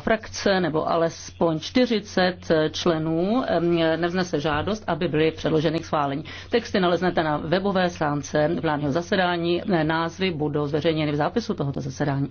frakce nebo alespoň 40 členů nevznese žádost, aby byly předloženy k schválení. Texty naleznete na webové stránce vládního zasedání, názvy budou zveřejněny v zápisu tohoto zasedání.